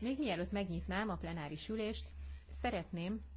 Még mielőtt megnyitnám a plenáris ülést, szeretném